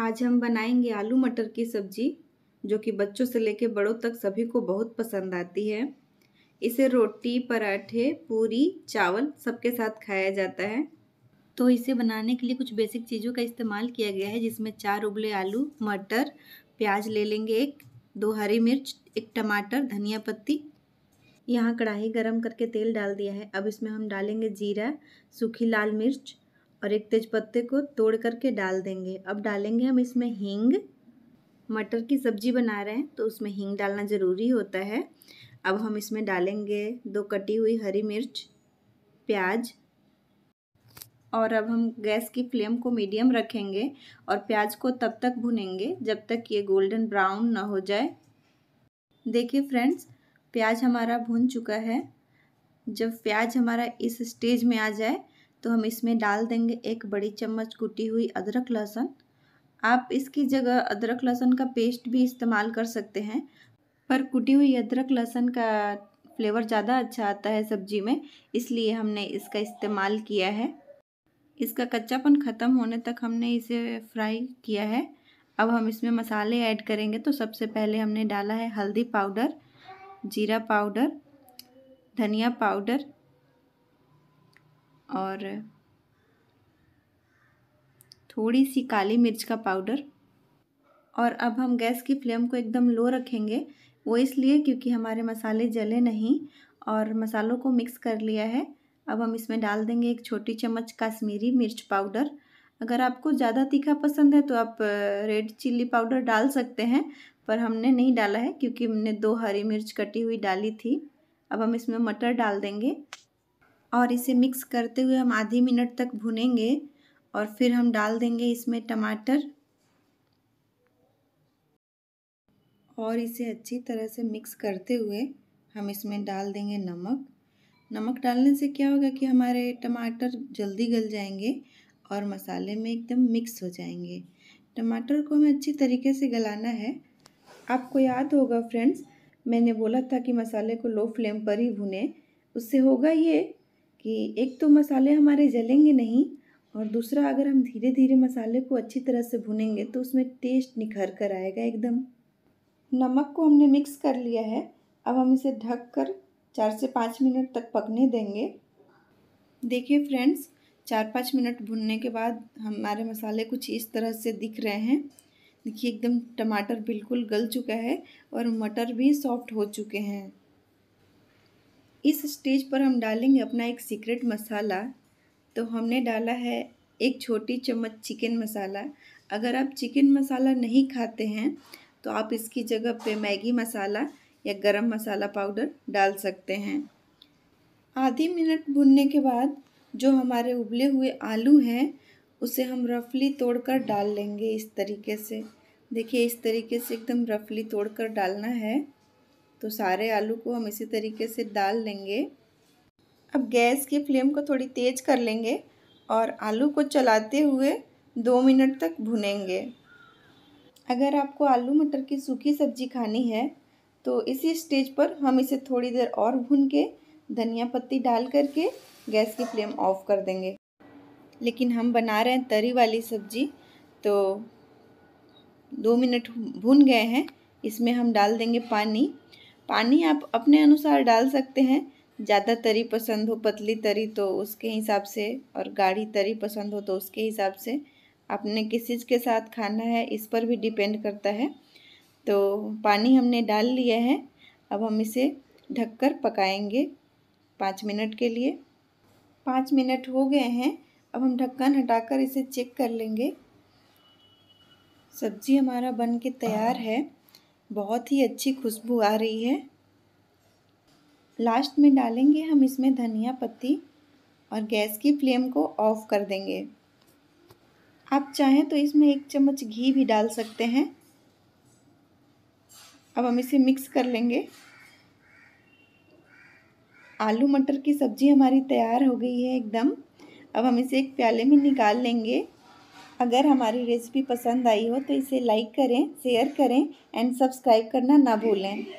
आज हम बनाएंगे आलू मटर की सब्जी जो कि बच्चों से लेकर बड़ों तक सभी को बहुत पसंद आती है इसे रोटी पराठे पूरी चावल सबके साथ खाया जाता है तो इसे बनाने के लिए कुछ बेसिक चीज़ों का इस्तेमाल किया गया है जिसमें चार उबले आलू मटर प्याज ले लेंगे एक दो हरी मिर्च एक टमाटर धनिया पत्ती यहाँ कढ़ाई गरम करके तेल डाल दिया है अब इसमें हम डालेंगे जीरा सूखी लाल मिर्च और एक तेज पत्ते को तोड़ करके डाल देंगे अब डालेंगे हम इसमें हींग मटर की सब्जी बना रहे हैं तो उसमें हींग डालना ज़रूरी होता है अब हम इसमें डालेंगे दो कटी हुई हरी मिर्च प्याज और अब हम गैस की फ्लेम को मीडियम रखेंगे और प्याज को तब तक भुनेंगे जब तक ये गोल्डन ब्राउन ना हो जाए देखिए फ्रेंड्स प्याज हमारा भुन चुका है जब प्याज हमारा इस स्टेज में आ जाए तो हम इसमें डाल देंगे एक बड़ी चम्मच कुटी हुई अदरक लहसुन आप इसकी जगह अदरक लहसुन का पेस्ट भी इस्तेमाल कर सकते हैं पर कुटी हुई अदरक लहसुन का फ्लेवर ज़्यादा अच्छा आता है सब्जी में इसलिए हमने इसका इस्तेमाल किया है इसका कच्चापन ख़त्म होने तक हमने इसे फ्राई किया है अब हम इसमें मसाले ऐड करेंगे तो सबसे पहले हमने डाला है हल्दी पाउडर जीरा पाउडर धनिया पाउडर और थोड़ी सी काली मिर्च का पाउडर और अब हम गैस की फ्लेम को एकदम लो रखेंगे वो इसलिए क्योंकि हमारे मसाले जले नहीं और मसालों को मिक्स कर लिया है अब हम इसमें डाल देंगे एक छोटी चम्मच कश्मीरी मिर्च पाउडर अगर आपको ज़्यादा तीखा पसंद है तो आप रेड चिल्ली पाउडर डाल सकते हैं पर हमने नहीं डाला है क्योंकि हमने दो हरी मिर्च कटी हुई डाली थी अब हम इसमें मटर डाल देंगे और इसे मिक्स करते हुए हम आधे मिनट तक भुनेंगे और फिर हम डाल देंगे इसमें टमाटर और इसे अच्छी तरह से मिक्स करते हुए हम इसमें डाल देंगे नमक नमक डालने से क्या होगा कि हमारे टमाटर जल्दी गल जाएंगे और मसाले में एकदम मिक्स हो जाएंगे टमाटर को हमें अच्छी तरीके से गलाना है आपको याद होगा फ्रेंड्स मैंने बोला था कि मसाले को लो फ्लेम पर ही भुने उससे होगा ये कि एक तो मसाले हमारे जलेंगे नहीं और दूसरा अगर हम धीरे धीरे मसाले को अच्छी तरह से भुनेंगे तो उसमें टेस्ट निखर कर आएगा एकदम नमक को हमने मिक्स कर लिया है अब हम इसे ढक कर चार से पाँच मिनट तक पकने देंगे देखिए फ्रेंड्स चार पाँच मिनट भुनने के बाद हमारे मसाले कुछ इस तरह से दिख रहे हैं देखिए एकदम टमाटर बिल्कुल गल चुका है और मटर भी सॉफ्ट हो चुके हैं इस स्टेज पर हम डालेंगे अपना एक सीक्रेट मसाला तो हमने डाला है एक छोटी चम्मच चिकन मसाला अगर आप चिकन मसाला नहीं खाते हैं तो आप इसकी जगह पे मैगी मसाला या गरम मसाला पाउडर डाल सकते हैं आधी मिनट भुनने के बाद जो हमारे उबले हुए आलू हैं उसे हम रफली तोड़कर डाल लेंगे इस तरीके से देखिए इस तरीके से एकदम रफली तोड़कर डालना है तो सारे आलू को हम इसी तरीके से डाल लेंगे अब गैस की फ्लेम को थोड़ी तेज़ कर लेंगे और आलू को चलाते हुए दो मिनट तक भुनेंगे अगर आपको आलू मटर की सूखी सब्जी खानी है तो इसी स्टेज पर हम इसे थोड़ी देर और भून के धनिया पत्ती डाल करके गैस की फ्लेम ऑफ कर देंगे लेकिन हम बना रहे हैं तरी वाली सब्जी तो दो मिनट भून गए हैं इसमें हम डाल देंगे पानी पानी आप अपने अनुसार डाल सकते हैं ज़्यादा तरी पसंद हो पतली तरी तो उसके हिसाब से और गाढ़ी तरी पसंद हो तो उसके हिसाब से आपने किस चीज़ के साथ खाना है इस पर भी डिपेंड करता है तो पानी हमने डाल लिया है अब हम इसे ढककर पकाएंगे पाँच मिनट के लिए पाँच मिनट हो गए हैं अब हम ढक्कन हटाकर इसे चेक कर लेंगे सब्ज़ी हमारा बन के तैयार है बहुत ही अच्छी खुशबू आ रही है लास्ट में डालेंगे हम इसमें धनिया पत्ती और गैस की फ्लेम को ऑफ कर देंगे आप चाहें तो इसमें एक चम्मच घी भी डाल सकते हैं अब हम इसे मिक्स कर लेंगे आलू मटर की सब्ज़ी हमारी तैयार हो गई है एकदम अब हम इसे एक प्याले में निकाल लेंगे अगर हमारी रेसिपी पसंद आई हो तो इसे लाइक करें शेयर करें एंड सब्सक्राइब करना ना भूलें